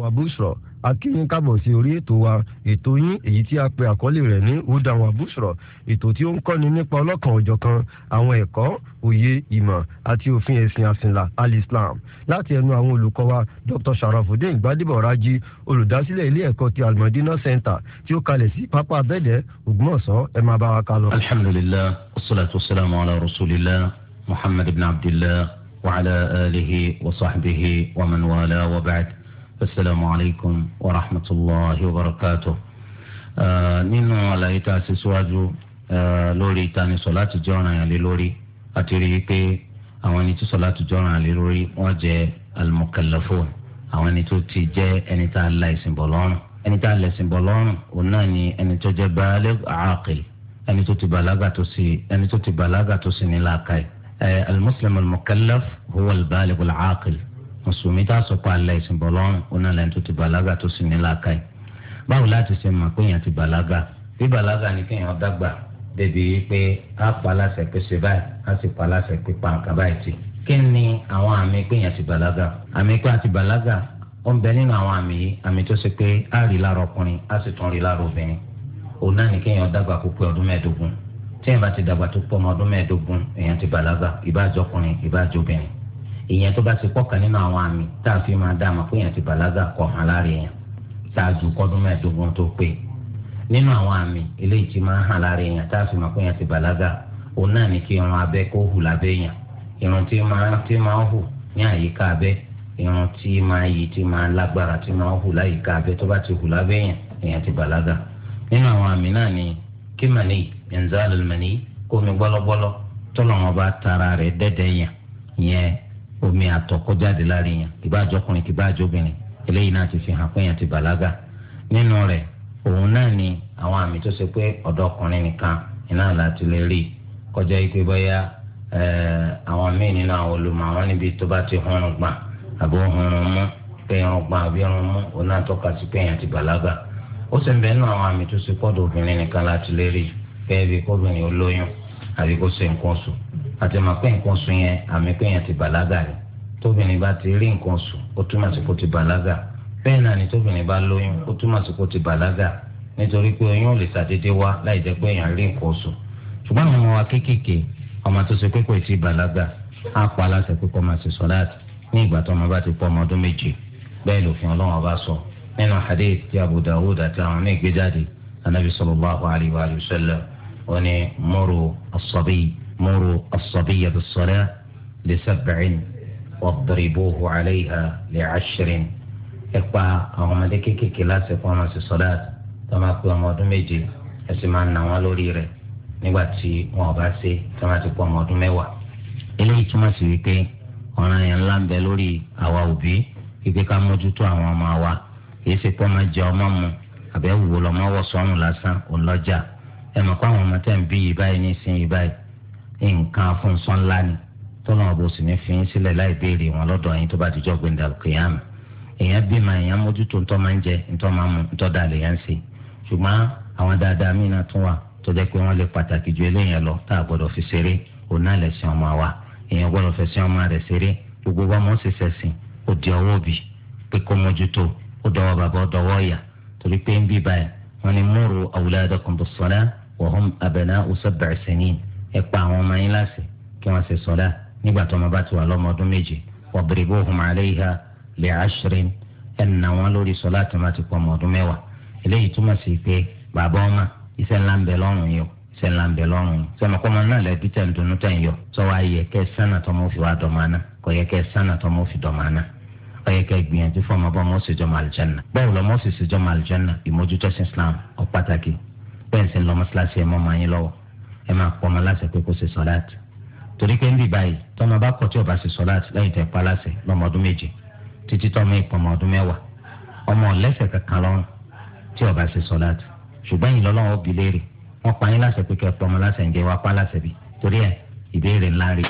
wa bushra akínyìn kábọ̀ sí orí ètò wa ètò yín èyí tí a pè àkọlé rẹ̀ ní hudan wa bushra ètò tí ó ń kọ́ni nípa ọlọ́kan òjọ̀kan àwọn ẹ̀kọ́ òye ìmọ̀ àti òfin ẹ̀sìn àsìnlá alislam láti ẹnu àwọn olùkọ́ wa dr sharafudin gbadebo olùdásílẹ̀ ilé ẹ̀kọ́ ti almadina center tí ó kalẹ̀ sí pápá abẹ́dẹ̀ ògbómọ̀ṣọ́ ẹ máa bá wa kálọ. alhamdulilah wasalaatu wa ala wa sahbihi wa man السلام عليكم ورحمة الله وبركاته آه نينو على إتاس سواجو لوري تاني صلاة جونا يعني لوري أتري كي أواني تي صلاة جونا يعني لوري وجه المكلفون أواني تو تيجي جي أني تا الله يسنبولون أني تا الله وناني أني تو جي بالغ عاقل أني تو تي تسي تو سي أني تو تي بلاغة تو المسلم المكلف هو البالغ العاقل mùsùlùmí tá a sọ pé alẹ́ ìsìn bọ̀ lọ́rùn ọ̀nà lẹ́yìn tó ti bàlágà tó sì ní làákàyè báwo láti ṣe mọ̀ pé èèyàn ti bàlágà bí bàlágà ni kéèyàn dàgbà débi wípé a pa aláṣẹ pé ṣe báyìí a sì pa aláṣẹ pé pa nǹkan báyìí ti. kí ni àwọn àmì pé èèyàn ti bàlágà àmì pé a ti bàlágà ó ń bẹ nínú àwọn àmì yìí àmì tó ṣe pé a rí lára ọkùnrin a sì tún rí lára obìnrin òun náà ni kéèyàn dàgbà kó pé ọdún mẹ́ẹ̀ẹ́dógún tí èèyàn bá ti dàgbà tó pọ̀ ọdún mẹ́ẹ̀ẹ́dógún èèyàn ti bàlágà ìbáàjọkùnrin ìbáàjọbìnrin èèyàn tó bá ti pọ̀kan nínú àwọn àmì tá a fi máa dá àmà pé èèyàn ti bàlágà kọ̀ hàn lára èèyàn ṣáájú kọ́dún mẹ́ẹ̀ẹ́dógún tó pé nínú àwọn àmì eléyìí ti máa hàn lára èèyàn tá a fi máa pé èèyàn ti bàlágà òun náà ní kí irun abẹ́ kó hù lábẹ́ èèyàn irun tí máa tí máa hù ní àyíká abẹ́ irun tí máa yí tí máa lágbára tí máa hù láyìíká abẹ́ tó bá ti hù lábẹ́ èèyàn èèyàn ti bàlágà nínú àwọn àmì náà ni omi àtọ̀ kó jáde lára yẹn ìbá àjọkùnrin ìbá àjọbìnrin eléyìí náà ti fi hàn pé ti bàlágà nínú rẹ̀ òun náà ni àwọn àmì tó ṣe pé ọ̀dọ́kùnrin nìkan iná láti lè rí kọjá yìí pé bóyá àwọn míì nínú àwọn olùmọ̀ àwọn níbi tó bá ti hun gbà àbí hun mú pé irun gbà àbí irun mú òun náà tọ́ka sí pé yẹn ti bàlágà ó sì ń bẹ nínú àwọn àmì tó ṣe pọ́dọ̀ obìnrin nìkan láti lè rí bẹ́ẹ̀ bí kóbìnrin olóyún àbí kó ṣe nǹkan àti màpé nǹkan sùn yẹn àmì pé yẹn ti bàlágà ni tóbìnrin bá ti rí nǹkan sùn ó túmọ̀ sí kó ti bàlágà bẹ́ẹ̀ náà ni tóbìnrin bá lóyún ó túmọ̀ sí kó ti bàlágà nítorí pé oyún ò lè ṣàdédé wá láì jẹ́ pé èèyàn rí nǹkan sùn ṣùgbọ́n àwọn ọmọ wa kéékèèké ọmọ tó ṣe pé kò tí ì bàlágà á pa aláṣẹ pé kó máa ṣe sọ́láàtì ní ìgbà tó ọmọ bá ti pọ́ ọmọ ọdún méje bẹ́ẹ̀ lòfin ọlọ́run ọba sọ nínú hadith tí Abu Dawud àti àwọn míì gbé jáde anabi sallallahu alayhi wa sallam ó ní مروا الصبي بالصلاة لسبع واضربوه عليها لعشر إقبع أو ملكي كلاس قوما الصلاة كما قوى مدمجي أسمان نوالوري ري nígbà tí wọn bá ṣe tí wọn ti pọ ọmọ ọdún mẹ́wàá eléyìí túmọ̀ sí wípé ọ̀ràn yẹn ńlá ń bẹ lórí àwa òbí wípé ká mójútó àwọn ọmọ wa kìí ṣe pọ́ máa jẹ ọmọ mu àbẹ́ wò lọ́mọ wọ̀ sọ́run lásán òun lọ́jà ẹ mọ̀ pé àwọn ọmọ tẹ̀ ń bí yìí báyìí ní ìsín yìí báyìí nǹkan fún sọ́nlá ni tọ́lọ́ ọ̀bọ sì ní fìyín sílẹ̀ láì béèrè wọn lọ́dọ̀ yín tó bá ti jọ́ gbẹ̀ndà kìyàmù èèyàn bímọ èèyàn mójútó ntọ́ máa ń jẹ ntọ́ máa mu ntọ́ da lè yẹn ṣe ṣùgbọ́n àwọn dáadáa ju lọ tá a gbọ́dọ̀ fi ṣeré òun náà ọmọ wa èèyàn gbọ́dọ̀ fẹ́ sin ọmọ rẹ̀ ṣeré gbogbo bá mọ́ ṣe ṣẹ̀sìn ó di ọwọ́ òbí pé kó mójútó ó dọwọ́ bàbá ó dọwọ́ ìyá torí pé ń bí báyìí wọ́n ní múrù awladakum ẹ pa àwọn ọmọ yín láṣẹ kí wọ́n ṣe sọ́dá nígbà tó ọmọ bá ti wà lọ́mọ ọdún méje wadribuhum alayha li'ashrin ẹ̀ nà wọ́n lórí sọ́dá tó má ti pọ̀ ọmọ ọdún mẹ́wàá eléyìí túmọ̀ sí pé bàbá ọmọ iṣẹ́ ńlá ń bẹ lọ́rùn yìí o iṣẹ́ ńlá ń bẹ lọ́rùn yìí sọmọ kọ́mọ náà lẹ́bi tẹ̀ ń dunnú tẹ̀ ń yọ sọ́wọ́ ayẹ gbìyànjú fún ọmọ bá ọmọ sì jọmọ àlùjáná lọ ọmọ sì sì ìmójútó sí Islam ọpàtàkì bẹ́ẹ̀ sì ń lọ mọ́sálásí ẹ mọ ọmọ yín lọ́wọ́ ẹ máa pọ ọmọ láṣẹ pé kó ṣe sọláàtì torí pé ń bì báyìí tọmọ bá kọ̀ tí ò bá ṣe sọláàtì lẹ́yìn tẹ pa láṣẹ lọ́mọ ọdún méje títí tọmọ ìpọmọ ọdún mẹ́wàá ọmọ ọlẹsẹ kankan lọ́rùn tí ò bá ṣe sọláàtì ṣùgbọ́n yìí lọ́lọ́run ó bi léèrè wọ́n pa yín láṣẹ pé kẹ́ pọmọ láṣẹ ń jẹ wá pa láṣẹ bí torí ẹ ìbéèrè ńlá rí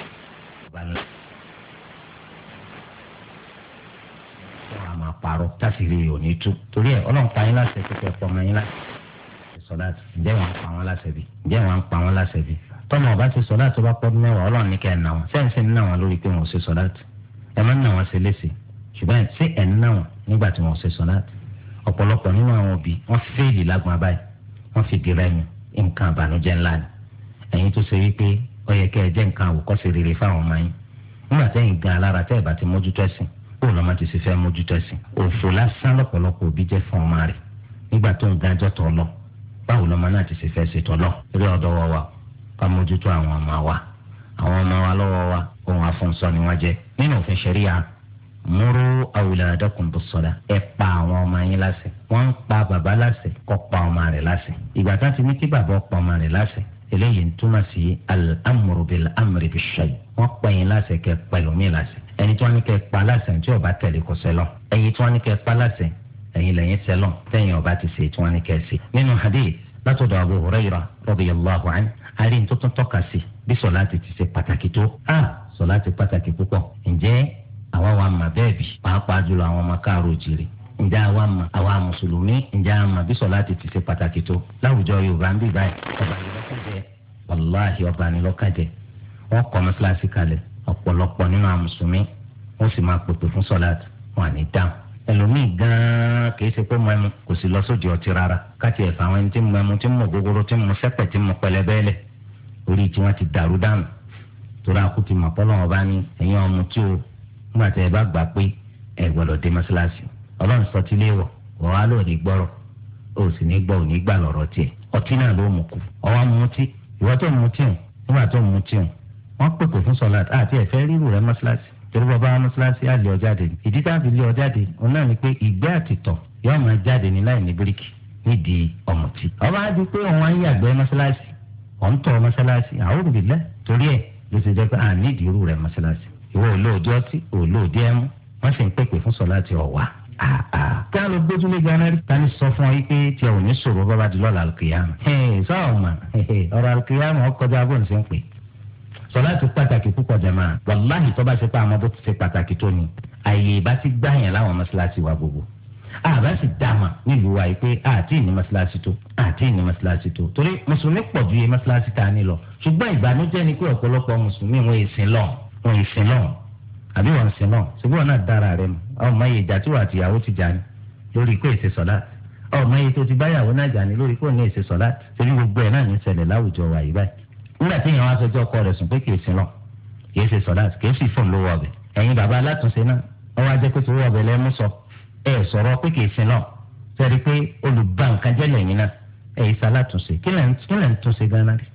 parọ́ tásìrì ò ní tú torí ẹ ọlọ́run pa yín láṣẹ pé kẹ́ pọmọ yín láṣẹ sọláàtì ǹjẹ́ wọn pa wọn láṣẹ bí ǹjẹ́ wọn pa wọn láṣẹ bí tọ́mọ ọba ṣe sọláàtì ọba pọ́dún mẹ́wàá ọlọ́run ní kẹ́ ẹ̀ nà wọn ṣé ẹ̀ ń ṣe ń nà wọn lórí pé wọn ò ṣe sọláàtì ẹ má ń nà wọn ṣe léṣe ṣùgbọ́n ṣé ẹ̀ ń nà wọn nígbà tí wọn ò ṣe sọláàtì ọ̀pọ̀lọpọ̀ nínú àwọn òbí wọ́n fẹ́ẹ̀lì lágbọ́n abáyé wọ́n fi dìrẹ́ yín nǹkan àbànújẹ́ ńlá ni ẹ̀yin tó ṣe wípé ó yẹ kẹ́ ẹ jẹ́ nǹkan àwòkọ́ṣe rere fáwọn ọmọ yín nígbà tẹ́yìn gan alára tẹ́ ẹ̀ bá ti mójútó ẹ̀sìn kó lọ́mọ ti ṣe fẹ́ mójútó ẹ̀sìn òfò lásán lọ́pọ̀lọpọ̀ òbí jẹ́ fún ọmọ rẹ̀ nígbà tó ń ganjọ́ tọ́ lọ báwo lọ́mọ náà ti ṣe fẹ́ ṣe tọ́lọ́ eré ọ̀dọ́ wa wa ká mójútó àwọn ọmọ wa àwọn ọmọ wa lọ́wọ́ wa ohun afúnṣọ ni wọ́n jẹ nínú òfin ṣẹ̀ríya múrú awùlàdàkùn bó sọ̀dà ẹ pa àwọn ọmọ yín láṣẹ wọ́n ń pa bàbá láṣẹ kó pa ọmọ rẹ̀ láṣẹ ìgbà tá a ti ní kí bàbá pa ọmọ rẹ̀ láṣẹ eléyìí ń túmọ̀ sí al-amru bil-amri bish-shay wọ́n pa yín láṣẹ kẹ́ pẹ̀lú mi láṣẹ ẹni tí wọ́n ní kẹ́ pa láṣẹ tí ó bá tẹ̀lé kọsẹ̀ lọ ẹni tí wọ́n ní kẹ́ pa láṣẹ ẹ̀yin lẹ́yìn sẹ́lọ̀ tẹ̀yìn ọba ti ṣe tí wọ́n ní kẹ́sì. nínú hadith látọ̀dọ̀ Abu Hurairah radiyallahu anhu àárín tó tún tọ́ka sí bí sọ̀láàtì ti ṣe pàtàkì tó a sọ̀láàtì pàtàkì púpọ̀ ǹjẹ́ àwa wa mà bẹ́ẹ̀ bí pàápàá jùlọ àwọn ọmọ káàró jìrì ǹjẹ́ àwa mà àwa mùsùlùmí ǹjẹ́ àwa mà bí sọ̀láàtì ti ṣe pàtàkì tó láwùjọ Yorùbá ń bì báyìí ọ̀bànilọ́kàjẹ́ wàláhì ọ̀bànilọ́kàjẹ́ wọ́n wọ́n sì ẹlòmíì gan-an kì í ṣe pé mọ́ẹ̀mú kò sì lọ sóde ọtí rárá káti ẹ̀fọ́ àwọn ẹni tí ń mọ́ẹ̀mú tí ń mọ̀ gógóró tí ń mọ̀ sẹ́pẹ̀ tí ń mọ̀ pẹlẹbẹ́lẹ̀ orí tí wọ́n ti dàrú dànù torí àkú ti mọ̀ pọ́lọ́ ọba ní ẹ̀yìn ọmọ tí o nígbà tí ẹ bá gbà pé ẹ gbọ́dọ̀ dé mọ́ṣáláṣí ti ní gbọ́rọ̀ o sì ní gbọ́ òní gbà lọ́rọ̀ tiẹ̀ ọtí torí bàbá wa mọ́ṣáláṣí àlè ọ̀jáde ìdí táàbì lé ọ̀jáde òun náà ni pé ìgbẹ́ àtìtọ̀ yóò máa jáde ní láì ní bíríkì nídìí ọ̀mùtí. ọba á di pé òun á ń yàgbẹ́ mọ́ṣáláṣí òun tọ̀ mọ́ṣáláṣí àwọn òbílẹ̀ torí ẹ̀ ló ti jẹ́ pé à nídìí irú rẹ̀ mọ́ṣáláṣí. ìwọ olóòdì ọtí olóòdì ẹmu wọ́n sì ń pèpè fún sọ láti ọ̀wà. kí á lọ gbójúlé ganan rí. ta ni sọ fún ọ yìí pé tí ò ní sòrò bàbá di lọ́la alùkìyàmù. sọ ọ̀mà ọ̀rọ̀ alùkìyàmù ọkọjá bó ń ń pè é sọláàtì pàtàkì púpọ̀ jàmáà wàláhì tó bá ṣe pé àmọ́ bó ti ṣe pàtàkì tó ni àyè ìbá ti gbà yẹn láwọn mọ́ṣáláṣí wa gbogbo àbá sì dàmà nílùú wa yìí pé àti ìní mọ́ṣáláṣí tó àti ìní mọ́ṣáláṣí tó torí mùsùlùmí pọ̀ ju iye mọ́ṣáláṣí tá a ní lọ ṣùgbọ́n ìbànújẹ́ ni pé ọ̀pọ̀lọpọ̀ mùsùlùmí wọn èsìn lọ wọn èsìn lọ àbí wọn sìn lọ ṣùgbọ́n wọn náà dára rẹ mu ọmọ yìí ìjà tí wọn àti ìyàwó ti jà ní lórí pé èsè sọ̀láàtì ọmọ yìí tó ti báyàwó náà jà ní lórí pé òun ní èsè sọ̀láàtì torí gbogbo ẹ̀ náà ní ṣẹlẹ̀ láwùjọ wa yìí báyìí nígbà tí èèyàn wá sọjọ́ ọkọ rẹ̀ sùn pé kìí sin lọ kìí ṣe sọ̀dá kìí sì fún lówó ọbẹ̀ ẹ̀yin bàbá alátúnṣe náà wọ́n wá jẹ́ pé sọ́wọ́ ọbẹ̀ lẹ́mú sọ ẹ̀ sọ̀rọ̀ pé kìí sin lọ sẹ́ni pé olùbá nǹkan jẹ́ lẹ́yìn náà ẹ̀yin sá alátúnṣe kí lẹ̀ ń túnṣe gan-an rí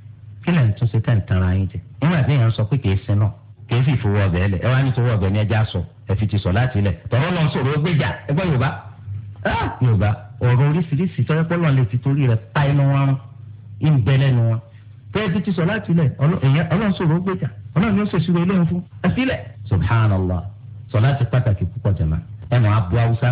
kí lẹ̀ ń túnṣe ká ń tanra yín jẹ nígbà tí èèyàn sọ pé kìí sin lọ kìí sì fowó ọbẹ̀ lẹ̀ ẹ wá ní sọ́wọ́ ọbẹ̀ ní ẹja sọ ẹ fi ti sọ láti lẹ̀ tọ́rọ́ lọ sọ̀rọ̀ gbéjà ẹgbẹ́ Yorùbá Yorùbá ọ̀rọ̀ oríṣiríṣi tọ́jú pé lọ́n lè fi torí rẹ̀ pa inú wọn rún ń wọn tẹ́ẹ̀tì ti sọ láti ilẹ̀ ọlọ́run sọ̀rọ̀ ó gbèjà ọlọ́run ni ó ṣèṣirò eléyìí fún ẹ̀sílẹ̀. subhanallah sọ láti pàtàkì púpọ̀ jẹ̀mọ́ ẹ̀ mọ̀ abu hausa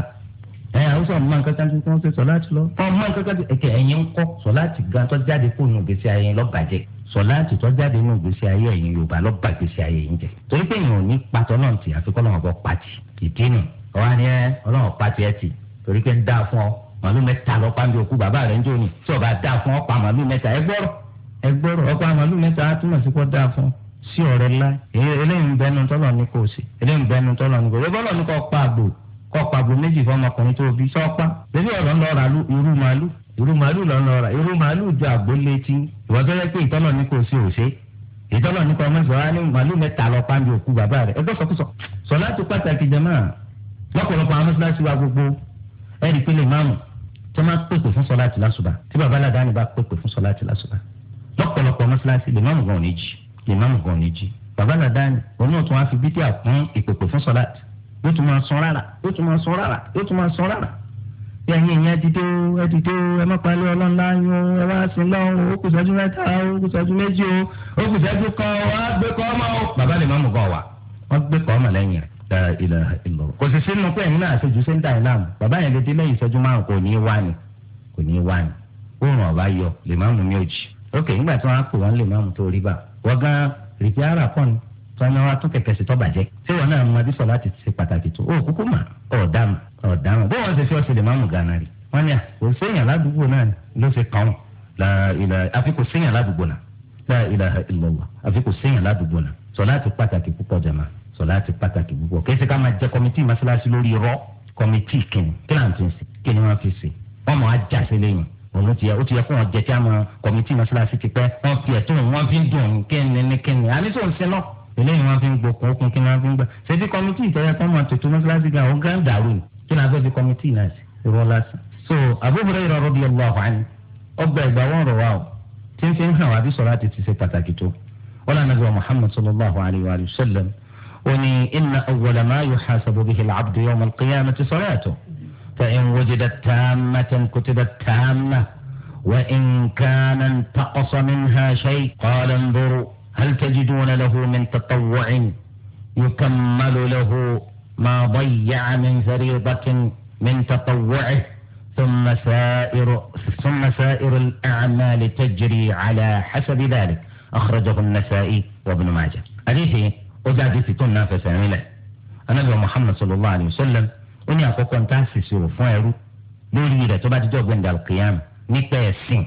ẹ̀ hausa ọmọ nǹkan kan tí wọ́n ṣe sọ láti lọ ọmọ nǹkan kan tí ẹ̀kẹ́ ẹ̀yin ń kọ́ sọ láti gan tó jáde kó nù gbèsè ayé lọ́bàjẹ́ sọ láti tó jáde nù gbèsè ayé ẹ̀yin yorùbá lọ́bà gbèsè ayé yín jẹ torí pé èèyàn ò ní patọ́ náà ti àfi kọ́ lọ́wọ́ bọ́ pati ìdí nù ọ̀wá ni ẹ ọlọ́wọ́ pati ẹ ti torí pé ń dá fún ọ màálù mẹ́ta lọ́pàá ń bí òkú bàbá rẹ̀ ń jóni tí ọba dá fún ọ pa màálù mẹ́ta ẹ ẹgbọrọ ọkọ àmàlù mẹ́ta á túmọ̀ sí kó dáa fún sí ọ̀rẹ́ ńlá eléyìí ń bẹnu tọ́lọ̀ ní kò sí eléyìí ń bẹnu tọ́lọ̀ ní kò sí bọ́lọ̀ ní kò pa àgbò kò pa àgbò méjì fọmọkùnrin tó bí sọ́pá bébí ọ̀rọ̀ ń lọ ra irú màálù irú màálù lọ lọ ra irú màálù ju àgbò létí ìwọ tó yẹ pé ìtọ́lọ̀ ní kò sí òṣè ìtọ́lọ̀ ní kò ọmọ ìfọ̀ wá ní màálù mẹ́ta lọ pa ní òkú bàbá rẹ̀ ẹgbẹ́ sọkúsọ sọ láti pàtàkì jẹmọ́ pèpè fún sọláàtì lásùbà tí babaláda ni bá pèpè fún sọláàtì lásùbà lọ́pọ̀lọpọ̀ mọ́ṣáláṣí lè máàmù gan oníjì lè máàmù gan oníjì bàbá làdáni òun náà tún wá fi bídí àkún ìpèpè fún sọláàtì yóò tún máa sọ rárá yóò tún máa sọ rárá yóò tún máa sọ rárá bí ẹ̀yin ìyẹn ti tó ẹ ti tó ẹ má palẹ̀ ọlọ́ńlá yún ẹ wá sí lọ́hùn ó kù sẹ́jú mẹ́ta ó kù sẹ́jú méjì o ó kù sẹ́jú kan wá gbé kọ́ ọmọ o. bàbá lè má mú kọ́ wa wọ́n gbé kọ́ ọmọ lẹ́yìn rẹ̀ dára ilẹ̀ ìlọ. kò sì sínú pé ẹ̀yin náà ṣojú sẹ́ńtà ẹ̀ láàmú bàbá yẹn lè dé lẹ́yìn ìṣẹ́jú márùn kò ní í wá ni kò ní í wá ni. oòrùn ọ̀bá yọ lè má mú òjì ok nígbà tí wọ́n á pè wọ́n lè máa mú tó rí bá wọ́n gan rìpí ara kọ́ ni tí wọ́n wá tún kẹ̀kẹ́ sí tó bàjẹ́ ṣé wọn náà máa bí sọ láti ṣe pàtàkì tó o kúkú mà ọ̀dàmù ọ̀dàmù bó wọ́n ṣe fi ọ̀ṣẹ̀ lè máa mú gánà rí wọ́n ní à kò séèyàn ládùúgbò náà ló ṣe kàn án àfi kò séèyàn ládùúgbò náà la ilaha illallah àfi kò séèyàn ládùúgbò náà sọláàtì pàtàkì púpọ̀ jama sọláàtì pàtàkì púpọ̀ kẹsì ká máa jẹ kọmitì masalasi lórí rọ kọmitì kìnnì kí ni à ń sí kí wọn fi sí wọn mọ ajá sí òun ti yẹ ó ti yẹ fún ọjẹ tí a mọ kọmitì mọ́ṣáláṣí ti pẹ́ wọ́n fi ẹ̀tọ́ wọn fi ń dùn kẹ́ni ní kẹ́ni àní tó ń sin lọ eléyìí wọ́n fi ń gbokùn okùn kí wọ́n fi ń gbà ṣebí kọmitì ìtọ́jà tó mọ tuntun mọ́ṣáláṣí gan ọ̀gá ń dàrú ni kí ni abẹ́ fi kọmitì náà sí irọ́ lásán. so Abu Hurairah radiyallahu anhu ọgbà ìgbà wọn rọ wa o tí ń fi ń hàn wá bí sọlá ti ti ṣe pàtàkì tó wọn àná Muhammad sallallahu alayhi wa sallam inna awwala ma yuhasabu bihi al-abdu yawm al-qiyamati salatuhu فإن وجدت تامة كتبت تامة وإن كان انتقص منها شيء قال انظروا هل تجدون له من تطوع يكمل له ما ضيع من فريضة من تطوعه ثم سائر ثم سائر الأعمال تجري على حسب ذلك أخرجه النسائي وابن ماجه أليه أزاد في تنافس عمله محمد صلى الله عليه وسلم ó ní àkọ́kọ́ nǹkan ṣèṣirò fún ẹrú lórí rẹ̀ tó bá ti jọ́ gbẹ̀ndà kìyàm nípa ẹ̀sìn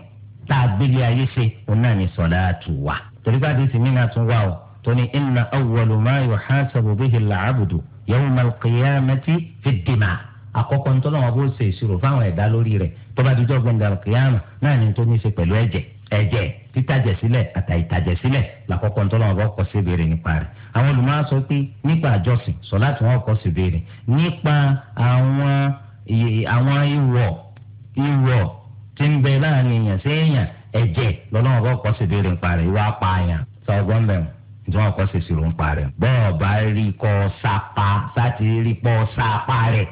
tá a gbélé ayé ṣe òun náà ní sọ̀láàtù wà. torí bá dé sí mìíràn tún wà o tó ní inna awwalu ma yuhasabu bihi al-abdu yawma al-qiyamati fi dima àkọ́kọ́ nítorí wọn bó ṣe ìṣirò fáwọn ẹ̀dá lórí rẹ̀ tó bá ti jọ́ gbẹ̀ndà kìyàm náà ní tó ní ṣe pẹ̀lú ẹ̀jẹ̀ ẹ̀jẹ̀ títàjẹ̀ sílẹ̀ làkọ́kọ́ nítorí wọn bó kọ́ sí ìbéèrè nípa rẹ̀ àwọn olùmọ̀ọ́ sọ pé nípa àjọsìn sọ̀láàtì wọn kọ́ sí béèrè nípa àwọn àwọn ìwọ̀ ìwọ̀ tí ń bẹ láàrin èèyàn sí èèyàn ẹ̀jẹ̀ lọ́lọ́wọ́n bọ́ kọ́ sí béèrè ń parẹ́ ìwà apààyàn sọ ọgbọ́n mẹ́rin tí wọ́n kọ́ sí ìṣirò ń parẹ́ bọ́ọ̀ bá rí kọ́ sápá sátì rí pọ́ sápá rẹ̀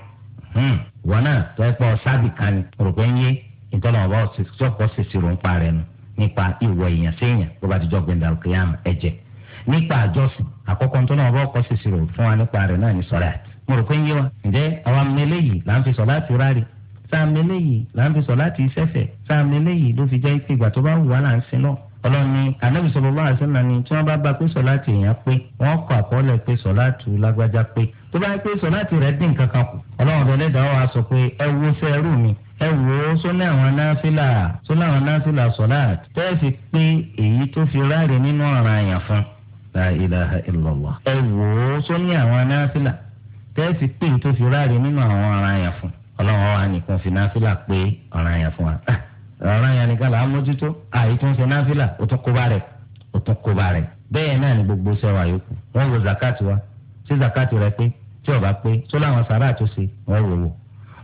hmm. wọn náà tọ́ ẹ pọ́ sábì kan ni rò pé ń yé ìtọ́lọ́wọ́n bọ́ kọ́ sí ìṣirò ń parẹ́ nu nípa ìwọ̀ èèyàn sí èèyàn bó bá ti jọ gbẹ̀ndàlùkìyàmù ẹ̀jẹ̀ nípa àjọsìn àkọ́kọ́ tó náà bọ́ kọ́ ṣèṣì rò fún wa nípa rẹ̀ náà ní sọ́lá mo rò pé ń yé wa ǹjẹ́ àwa mẹ́lẹ́ yìí là ń fi sọ́lá ti ráre sáà mẹ́lẹ́ yìí là ń fi sọ́lá ti sẹ́fẹ̀ sáà mẹ́lẹ́ yìí ló fi jẹ́ pé ìgbà tó bá wù wá là ń sin náà ọlọ́ni anábì sallallahu alaihi wasallam ni tí wọ́n bá bá pé sọ̀láàtì èèyàn pé wọ́n kọ àkọọ́lẹ̀ pé sọ̀láàtì lágbájá pé tó bá pé sọ̀láàtì rẹ̀ dín wa sọ pé ẹ wo fẹ́ẹ́rù mi ẹ wo sọ́nà àwọn náfìlà sọ́nà àwọn náfìlà sọ̀láàtì tẹ́ẹ̀sì pé èyí tó fi ráre nínú ọ̀ràn àyàn fún un la ilaha illallah. ẹ wò ó sọ ní àwọn anáfílà tẹ́sí pé tó fi ráre nínú àwọn ara yẹn fún ọlọ́run wa nìkan fi náfílà pé ọ̀ràn yẹn fún wa ọ̀ràn yẹn nìkan là á mójútó àyè tó ń ṣe náfílà ó tún kó bá rẹ̀ ó tún kó bá rẹ̀ bẹ́ẹ̀ náà ni gbogbo sẹ́wà yòókù wọ́n wo zakati wa ṣé zakati rẹ pé tí ọba pé tó láwọn sàrà tó ṣe wọ́n wò wò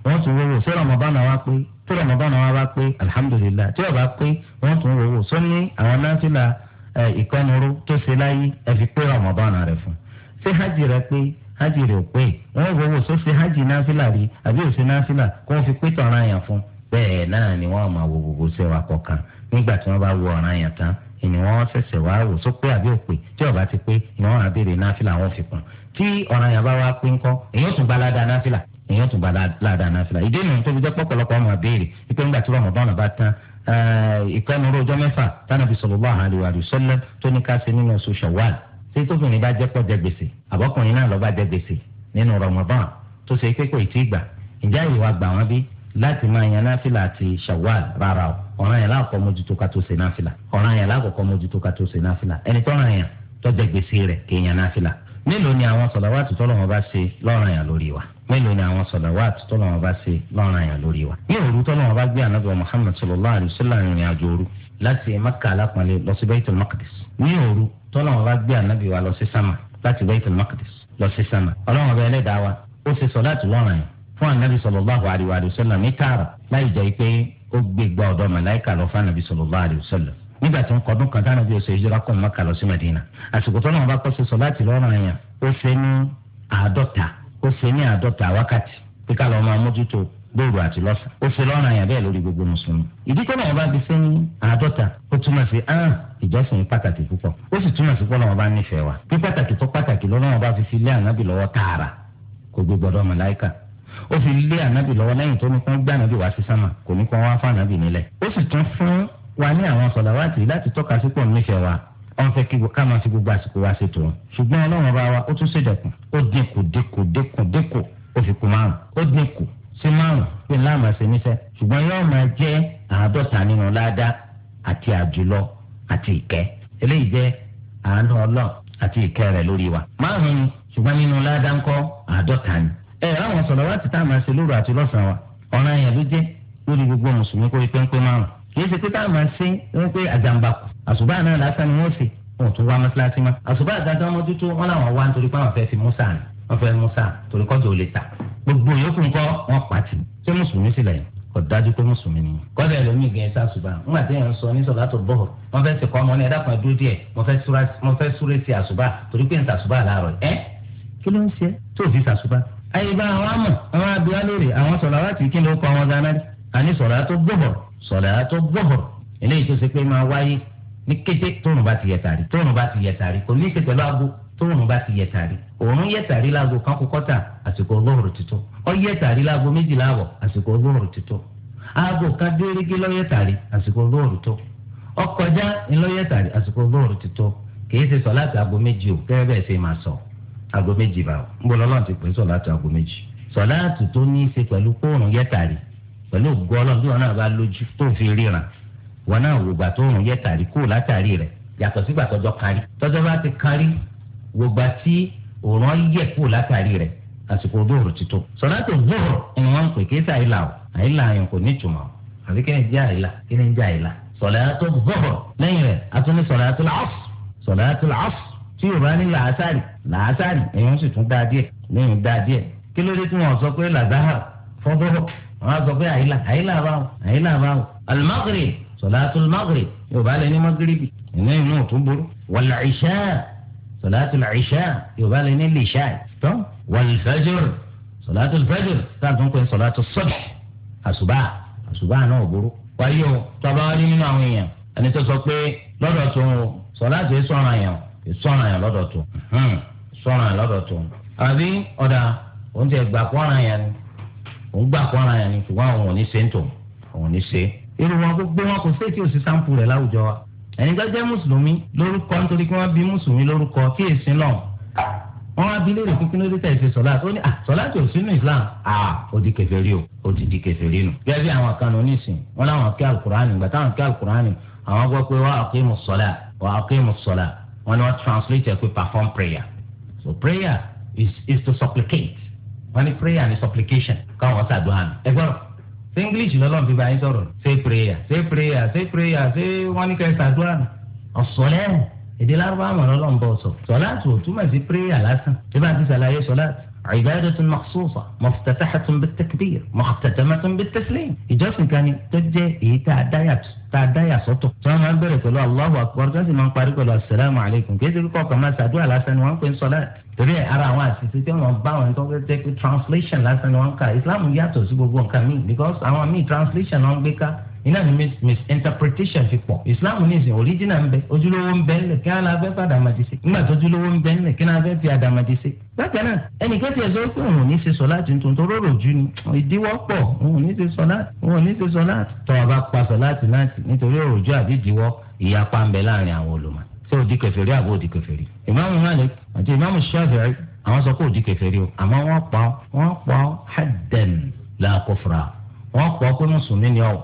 wọ́n tún wò wò ṣé Ramadan wa pé tí Ramadan wa bá pé alhamdulillah tí ọba pé wọ́n tún wò wò sọ ní àwọn náfílà ìkọnuró tó ṣe láyé ẹ fi pé rọmọbọnà rẹ fún ṣé hajj rẹ pé hajj rẹ ò pé wọn ò wò sọ ṣe hajj náfìlà rí àbí ò ṣe náfìlà kó wọn fi pé tọ̀ràn àyàn fún bẹ́ẹ̀ náà ni wọ́n máa wo gbogbo ṣe wa kọ̀ọ̀kan nígbà tí wọ́n bá wo ọ̀ràn àyàn tán ìní wọn ṣẹ̀ṣẹ̀ wá wò sọ pé àbí ò pé tí ó ti pé ìní àbèrè náfìlà wọn fi kún tí ọ̀ràn yàrá wa pé ńkọ́ èyàn tún gba ládàá náfìlà èyàn tún gba ládàá náfìlà ìdí nìyẹn tó fi jẹ́ pọ̀pọ̀lọpọ̀ ọmọ àbẹ́rẹ́ wípé ńgbà tí Ramadan bá tán eh, ìkànnì ọjọ́ mẹ́fà tánàbí sallallahu alaihi wasallam tó ní ká ṣe nínú oṣù Shawwal ṣé tóbìnrin bá jẹ́ pọ̀ jẹ gbèsè àbọ̀kùnrin náà ló bá jẹ gbèsè nínú Ramadan tó ṣe pé kò ì tí ì gbà ìjà ìwà gbà wọ́n bí láti máa yan náfìlà àti Shawwal rárá o ọ̀ràn yẹn láàkọ́ mójútó ká tó ṣe náfìlà ọ̀ràn yẹn láàkọ́kọ́ mójútó ká tó ṣe náfìlà ẹni tó ràn yẹn tó jẹ gbèsè rẹ̀ kéèyàn náfìlà mélòó ni àwọn sọ̀làwàtì tọ́lọ́wọ́n bá ṣe lọ́ràn yàn lórí wa mélòó ni àwọn sọ̀làwàtì tọ́lọ́wọ́n bá ṣe lọ́ràn yàn lórí wa. ní òru tọ́lọ́wọ́n bá gbé ànábì wa Muhammad sallallahu alayhi wa sallam ìrìn àjò òru láti Mẹ́kà alápọ̀nlé lọ sí Baitul Maqdis. ní òru tọ́lọ́wọ́n bá gbé ànábì wa lọ sí sámà láti Baitul Maqdis lọ sí sámà. ọlọ́wọ́n bá ẹlẹ́dàá wa ó ṣe sọ̀láàtì lọ́ràn yàn fún nígbà tí ń kọdún kan dáná bí oṣù ìjọba kọ́ mọ́kà lọ sí Madina àsìkò tó náà bá kọ́ soso láti lọ́rùn àyàn ó ṣe ní àádọ́ta ó ṣe ní àádọ́ta wákàtí pé ká lọ́ọ́ máa mójútó gbòòrò àti lọ́sàn ó ṣe lọ́rùn àyàn bẹ́ẹ̀ lórí gbogbo mùsùlùmí ìdí tó náà bá fi ṣe ní àádọ́ta ó túmọ̀ sí án ìjọsìn pàtàkì púpọ̀ ó sì túmọ̀ sí pọ́nlọ́wọ́n bá nífẹ̀ẹ́ wa bí pàtàkì tó pàtàkì lọ́wọ́ bá fi fi lé ànábì lọ́wọ́ tààrà kò gbé gbọ́dọ̀ màláìkà ó fi lé ànábì lọ́wọ́ wa ní àwọn sọ̀làwátì láti tọ́ka sí pọ̀ nífẹ̀ẹ́ wa wọn fẹ́ kí ká máa fi gbogbo àsìkò wa ṣètò wọn ṣùgbọ́n ọlọ́run bá wa ó tún ṣèdẹ̀kùn ó dínkù dínkù dínkù dínkù ó fi kù márùn ó dínkù sí márùn pé láàmà ṣe níṣẹ́ ṣùgbọ́n yóò máa jẹ́ àádọ́ta nínú ládàá àti àjùlọ àti ìkẹ́ eléyìí jẹ́ àánú ọlọ́run àti ìkẹ́ rẹ̀ lórí wa márùn ṣùgbọ́n nínú ládàá ńkọ́ àádọ́ta ni ẹ ráwọn sọ̀rọ̀ wá ti tá a máa ṣe lóru àti lọ́sàn-án wa ọ̀ràn yẹn ló kìí ṣe pé táwọn máa ń ṣe wọn pé àjàmbákù àṣùbà náà lásán ni wọn ṣe wọn tún wá mọ́ṣáláṣí mọ́ àṣùbà àgbàdo ọmọ tútù wọn làwọn wá nítorí pé àwọn fẹ́ fi musa ni wọn fẹ́ musa torí kọ́jọ ò lè ta gbogbo yòókù ńkọ́ wọn pàtì ṣé mùsùlùmí sì lẹ́yìn kò dájú pé mùsùlùmí ni kọ́dà ẹlòmíì gẹ̀ ẹ́ sàṣùbà ńgbà tí èèyàn sọ ní sọ̀látò bọ́ọ̀ wọn fẹ́ ṣe kọ́ ọmọ ní ẹ̀dá kan dúró díẹ̀ wọn fẹ́ súré sí sọ̀látù zuhr eléyìí tó ṣe pé máa wáyé ní kété tóòrùn bá ti yẹ tàrí tóòrùn bá ti yẹ tàrí kò ní í ṣe pẹ̀lú aago tóòrùn bá ti yẹ tàrí òòrùn yẹ tàrí láago kan kú kọ́tà àsìkò zuhr ti tó ó yẹ tàrí láago méjìlá àwọ̀ àsìkò zuhr ti tó aago kan dérégbé ló yẹ tàrí àsìkò zuhr tó ó kọjá ló tàrí àsìkò zuhr ti kìí ṣe sọ̀láàtì aago méjì o gẹ́gẹ́ bẹ́ẹ̀ ṣe máa sọ aago méjì báwo ń bọ̀ lọ́lọ́run pẹ̀lú ògùn ọlọ́run tí wọn náà bá lójú tó fi ríran wọn náà wò gbà tó rùn yẹ tàrí kúrò látàrí rẹ̀ yàtọ̀ sígbà tọ́jọ́ kárí tọ́jọ́ bá ti kárí wò gbà tí òòrùn yẹ kúrò látàrí rẹ̀ àsìkò dóòrò ti tó. sọ̀dọ́tò dóòrò ni wọ́n ń pè kí sáà ìlà o àìlà yẹn kò ní ìtumọ̀ o àbí kí ni jẹ́ àìlà kí ni jẹ́ àìlà. sọ̀làtò dóòrò lẹ́yìn rẹ̀ a tún ní sọ̀làtò làásù àwọn àgbà pé àyílà àyílà báwo àyílà báwo alimagiri sọláàtú alimagiri yorùbá lè ní magiribi ìnáyìn náà tún burú wàlà ìṣá sọláàtú ìṣá yorùbá lè ní lìṣá tó wàlìfẹjọr sọláàtú ìfẹjọr sáàtún pé sọláàtú sọbẹ àṣùbà àṣùbà náà burú. wáyé o tọ́ba wá ní nínú àwọn èèyàn ẹni tó sọ pé lọ́dọ̀ tó ń sọláàtú ìsọ̀ràn èèyàn ìsọ̀ràn èèyàn lọ́dọ̀ tó ìsọ̀ràn èèyàn lọ́dọ̀ tó àbí ọ̀dà oúnjẹ ìgbà kọ́ràn èèyàn ni òun gbà kó ara yẹn ni ṣùgbọ́n àwọn ò ní ṣe ń tò àwọn ò ní ṣe. irú wọn gbogbo wọn kò sí ètí òsì sáǹpù rẹ̀ láwùjọ wa ẹ̀yin gbọ́dọ̀ jẹ́ mùsùlùmí lórúkọ nítorí kí wọ́n bí mùsùlùmí lórúkọ kí èsì náà wọ́n á bí léèrè pínpín lórí tẹ̀ ṣe sọ̀lá tó ní sọ̀lá tó sínú islam ó di kèfèrí o ó ti di kèfèrí nù. gẹ́gẹ́ bí àwọn kan onísìn wọn láwọn kí alukur'ani ìgbà táwọn kí alukur'ani àwọn gbọ́ pé wà á kí mu sọ̀lá wà á kí mu sọ̀lá wọn ni wọ́n translate ẹ̀ pé perform prayer so prayer is is to supplicate wọ́n ní prayer ní supplication káwọn ṣàdúrà nù ẹ gbọ́dọ̀ ṣé english lọ́lọ́run fi bá yín sọ̀rọ̀ ṣé prayer ṣé prayer ṣé prayer ṣé wọ́n ní ká ẹ ṣàdúrà nù ọ̀sọ̀lẹ́ èdè lárúbá àmọ́ lọ́lọ́run bọ̀ sọ sọ̀láàtù ò túmọ̀ sí prayer lásán bí bá ti ṣàlàyé sọ̀láàtù عبادة مخصوصة مفتتحة بالتكبير مختتمة بالتسليم ìjọsìn kan ni tó jẹ́ èyí tá a dá yàtọ̀ tá a dá yàsọ́tọ̀ tí wọ́n máa ń bẹ̀rẹ̀ pẹ̀lú Allahu Akbar tó sì máa ń parí pẹ̀lú asalaamu alaykum kí ẹ torí ara àwọn àṣìṣe tí wọn bá wọn tó ń jẹ pé translation lásán ni wọn kà islam yàtọ̀ sí gbogbo nǹkan mi because àwọn míì translation wọn gbé ká iná ni misinterpretation fi pọ̀ islam ní ìsìn original ń bẹ ojúlówó ń bẹ ńlẹ̀ kí wọn abẹ́ fẹ́ àdàmàdì sí nígbà tó ojúlówó ń bẹ ńlẹ̀ kí wọn abẹ́ fi àdàmàdì sí. bákan náà ẹnìkan ti ẹ̀sọ́ pé òun ò ní ṣe sọ́lá tuntun tó rọrò jù ni ìdíwọ́ pọ̀ òun ò ní ṣe sọ́lá òun ò ní ṣe sọ́lá tọ́ ṣé ó di kèfèrí àbí ó di kèfèrí. ìmáàmù Malik àti ìmáàmù Shafi'i àwọn sọ pé ó di kèfèrí o àmọ́ wọ́n pa wọ́n pa haddan la kufra wọ́n pa pé mùsùlùmí ni ọ́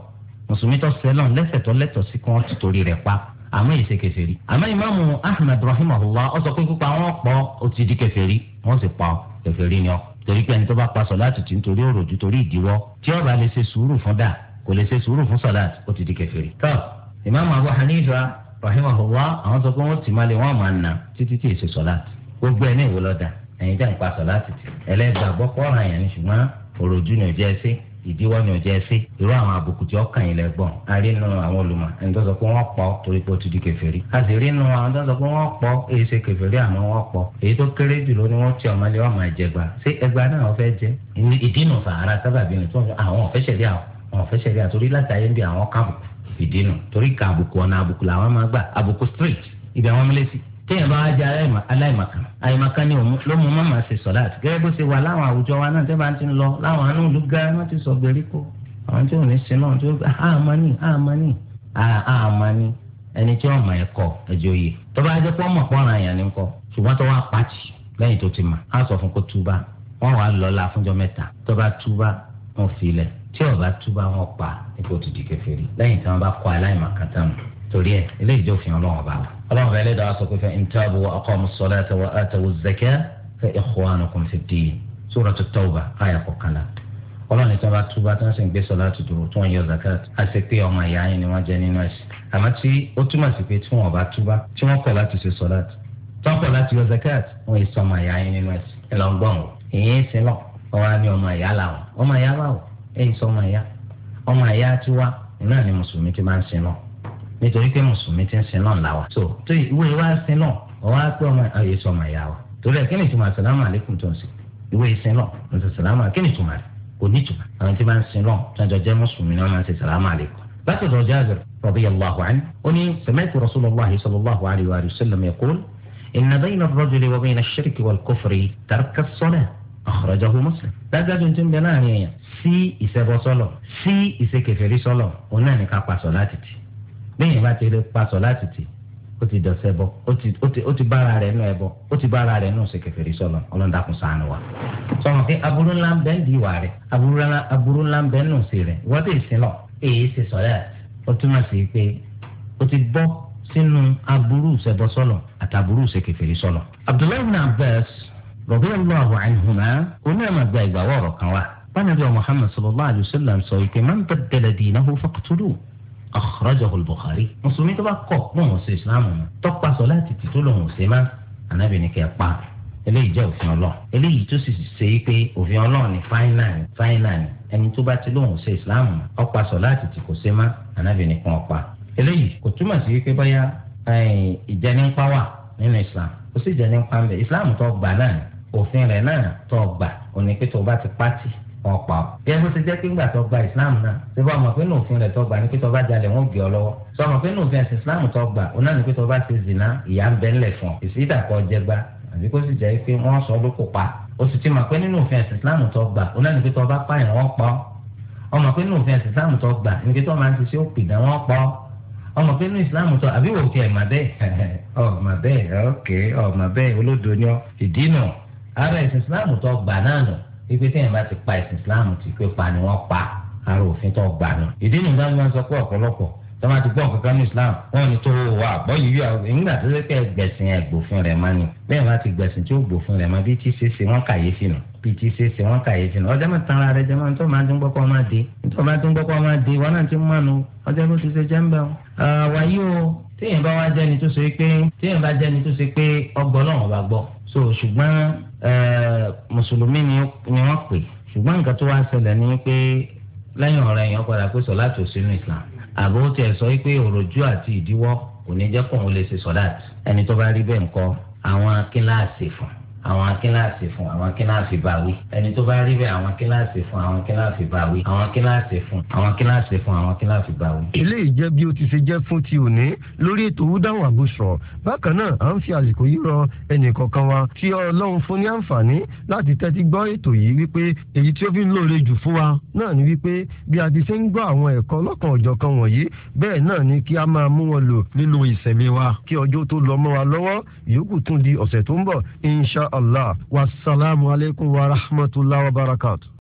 mùsùlùmí tó sẹ́lọ̀ lẹ́sẹ̀ tó lẹ́tọ̀ sí kí wọ́n ti torí rẹ̀ pa àmọ́ ìṣe kèfèrí. àmọ́ ìmáàmù Ahmad rahimahullah ó sọ pé pípa wọ́n pa ó ti di kèfèrí wọ́n sì pa kèfèrí ni ọ́ torí pé ẹni tó bá pa sọ̀láàtì tí nítorí òròjú torí ìdíwọ́ tí ó lè ṣe sùúrù fún dà kò lè ṣe sùúrù fún sọ̀láàtì ó ti di kèfèrí. tó ìmáàmù Abu rahimahullah àwọn sọ pé wọ́n tì má lé wọ́n máa nà títí tí èsì sọ̀lá gbogbo ẹ̀ ní ìwé lọ́dà ẹ̀yin dá ìpa sọ̀lá títì ẹlẹ́gbà bọ́kọ́ ọ̀ràn yẹn ni ṣùgbọ́n òròjú ni ò jẹ́ sí ìdíwọ́ ni ò jẹ́ sí irú àwọn àbùkù tí ọkàn yìí lẹ́gbọ̀n a rí nínú àwọn olùmọ̀ ẹni tó sọ pé wọ́n pọ̀ torí pé ó ti di kẹfẹ́rí a sì rí nínú àwọn tó sọ pé wọ́n pọ̀ èyí ṣe kẹfẹ́rí àmọ́ wọ́n pọ̀ èyí tó kéré jùlọ ni wọ́n ti ọmọ ilé wọn máa jẹ gba ṣé ẹgba náà wọ́n fẹ́ jẹ ìdí nù sàárà sábàbí ni tí wọ́n fi àwọn ọ̀fẹ́ àwọn ọ̀fẹ́ ṣẹ̀rí àtòrí látàyé ń bí àwọn kábùkù ìdínà torí kan àbùkù ọ̀nà àbùkù làwọn máa gbà àbùkù street ibi àwọn mẹlẹ́sì téèyàn bá wá jẹ aláìmọ̀kan àìmọ̀kan ni ló mú mọ́mọ́ ṣe sọ̀lá àti gẹ́gẹ́ bó ṣe wà láwọn àwùjọ wa náà tẹ́ bá ti ń lọ láwọn àánú ìlú ga wọ́n ti sọ gbèríko àwọn tí ò ní sin náà tí ó gbà àmọ́ ah, ní àmọ́ ní àmọ́ ní ẹni tí ọmọ ẹ kọ ẹjọ yìí tó bá jẹ́ pé ọmọ pọ́nra ni kọ́ ṣùgbọ́n tó wá pàtì lẹ́yìn tó ti mà á sọ fún kó túbà wọ́n ipò tó di kèfèrí lẹ́yìn tí wọ́n bá kọ́ aláìmọ̀kan tán mu torí ẹ̀ eléyìí jẹ́ òfin ọlọ́run ọba wa ọlọ́run bẹ́ẹ̀ lẹ́dàá sọ pé fa in tabu wa aqamu ssalata wa atawu zakata fa ikhwanukum fid din suratu tawba àyà kọkànlá ọlọ́run tí wọ́n bá túbá tí wọ́n sì ń gbé sọlá tuntun tí wọ́n yọ zakat àti pé ọmọ ìyá yẹn ni wọ́n jẹ́ nínú ẹ̀sìn àmọ́ tí ó túmọ̀ sí pé tí wọ́n bá túbá tí wọ́n kọ̀ láti ṣe sọlá tí wọ́n kọ̀ láti yọ zakat wọ́n yẹ sọ ọmọ ìyá ọmọ àyà tiwa náà ni mùsùlùmí ti máa ń sin náà nítorí pé mùsùlùmí ti ń sin náà làwà. so tó ìwé wa sin náà ọwọ́ á pé ọmọ àyè sọ ọmọ àyà wa torí ẹ̀ kí ni ìtumọ̀ àsàlámù àlékún tó ń sin ìwé sin náà ń sin sàlámù kí ni ìtumọ̀ kò ní ìtumọ̀ àwọn tí máa ń sin náà tó jẹ́ mùsùlùmí náà máa ń sin sàlámù àlékún. látọ̀dọ̀ jáde رضي الله عنه أني سمعت رسول الله صلى الله عليه وآله وسلم يقول إن بين الرجل وبين الشرك والكفر ترك الصلاة akhrajahu muslim dájájú ti ń bẹ láàrin èèyàn sí ìṣẹbọ sọlọ sí ìṣekèfèrí sọlọ òun náà ní ká pa sọ láti tì bẹ́ẹ̀ bá ti lè pa sọ láti tì ó ti dọ̀sẹ̀ bọ ó ti bára rẹ̀ nù ẹbọ ó ti bára rẹ̀ nù ṣekèfèrí sọlọ ọlọ́dàkùn sànù wa sọmọ pé aburú ńlá ń bẹ ń di ìwà rẹ̀ aburú ńlá ń bẹ ń nù sí rẹ̀ wọ́n ti sin lọ èyí ti sọ̀rọ̀ ó túmọ̀ sí pé ó ti bọ́ sínú aburú ìṣẹbọ sọlọ radiyallahu anhuma onímọ̀ gba ìgbàwọ̀ ọ̀rọ̀ kan wa bánàbí wa muhammad sallallahu alayhi wa sallam sọ wípé man baddala dinahu faqtuluhu akhrajahu al-bukhari mùsùlùmí tó bá kọ̀ pọ̀ wọn sí islam tọ́pa sọ láti tìtú lòun sí má anábì ní kẹ́ pa eléyìí jẹ́ òfin ọlọ́run eléyìí tó sì ṣe é pé òfin ọlọ́run ni fáínà ni fáínà ni ẹni tó bá ti lòun ṣe islam ọ̀pa sọ láti tì kò sí má anábì ní kan ọ̀pa eléyìí kò túmọ̀ sí wípé báyà ìjẹnipa wà nínú islam kò sí ìjẹnipa ń bẹ islam tó gbà náà ni òfin rẹ̀ náà tó gbà òní pé tó bá ti pátì wọn pa ọ. bí ẹni ti jẹ́ pé ńgbà tó gba islam náà ṣé bá ọmọ pé ní òfin rẹ̀ tó gbà ní pé tó bá jalè wọn gbé ọ lọ́wọ́ sọ ọmọ pé òfin ẹ̀sìn islam tó gbà ó náà ní pé tó bá ti zìnà ìyá ń bẹ́ ńlẹ̀ fún ọ. èsì ìdàkọ̀ jẹgba àbí kó sì jẹ́ pé wọ́n sọ lóko pa ó sì ti mọ̀ pé nínú òfin ẹ̀sìn islam tó gbà ó náà ní pé tó bá pààyàn wọn pa ọ ọmọ pé òfin ẹ̀sìn islam tó gbà ní pé tó máa ń ṣiṣẹ́ òpìdá wọn pa ọ ọmọ pé islam sọ àbí wò ó kí ẹ mà bẹ́ẹ̀ ọ mà bẹ́ẹ̀ ok ọ mà bẹ́ẹ̀ ara ẹ̀sìn islam tó gbà náà nù ipe tí yẹn bá ti pa ẹ̀sìn islam ti pé pa ni wọ́n pa ara òfin tó gbà nù. ìdí nìyí bá mi máa ń sọ pé ọ̀pọ̀lọpọ̀ tó máa ti gbọ́ kankan ní islam wọ́n ní tó wà bọ́ yìí yà nígbà tó lè kẹ́ gbẹ̀sìn ẹ̀gbòfin rẹ̀ máa ní bẹ́ẹ̀ bá ti gbẹ̀sìn tí ó gbòfin rẹ̀ máa bí tí ṣe ṣe wọ́n kàyéfì nù bí tí ṣe ṣe wọ́n kàyéfì nù ọjọ́ máa tanra rẹ̀ jẹ́ máa tó máa dún gbọ́kọ́ máa dé tó máa dún gbọ́kọ́ máa dé wọn náà ti mọ̀ nù ọjọ́ ló ti ṣe jẹ́ ń bẹ̀ wáyé o téèyàn bá wá jẹ́ni tó ṣe pé téèyàn bá jẹ́ni tó ṣe pé ọgbọ́n náà wà gbọ́ so ṣùgbọ́n mùsùlùmí ni wọ́n pè ṣùgbọ́n nǹkan tó wá ṣẹlẹ̀ ni pé lẹ́yìn ọ̀rẹ́ yẹn padà pé sọ̀láàtì ò sínú islam àbò tiẹ̀ sọ pé òròjú àti ìdíwọ́ kò ní jẹ́ kóun lè ṣe sọ̀láàtì ẹni tó bá rí bẹ́ẹ̀ ńkọ́ àwọn kíláàsì fún un àwọn akíláàsì fún àwọn akíláàsì báwí ẹni tó bá rí bẹ́ẹ̀ àwọn akíláàsì fún àwọn akíláàsì báwí àwọn akíláàsì fún àwọn akíláàsì fún àwọn akíláàsì báwí. eléyìí jẹ́ bí o ti ṣe jẹ́ fún ti òní lórí ètò wúdáhùn àbúṣọ bákan náà à ń fi àsìkò yìí rọ ẹnì kọ̀ọ̀kan wa tí ọlọ́run fún ní àǹfààní láti tẹ́tí gbọ́ ètò yìí wípé èyí tí ó fi lóore jù fún wa náà ni wípé bí a ti ṣe ń gbọ́ àwọn ẹ̀kọ́ ọlọ́kan ọ̀jọ̀kan wọ̀nyí bẹ́ẹ̀ náà ni kí a máa mú wọn lò nínú ìṣẹ̀mí wa kí ọjọ́ tó lọ mọ́ wa lọ́wọ́ ìyókù tún di ọ̀sẹ̀ tó ń bọ̀ insha allah wasalaamualeykum wa rahmatulah wa barakatu.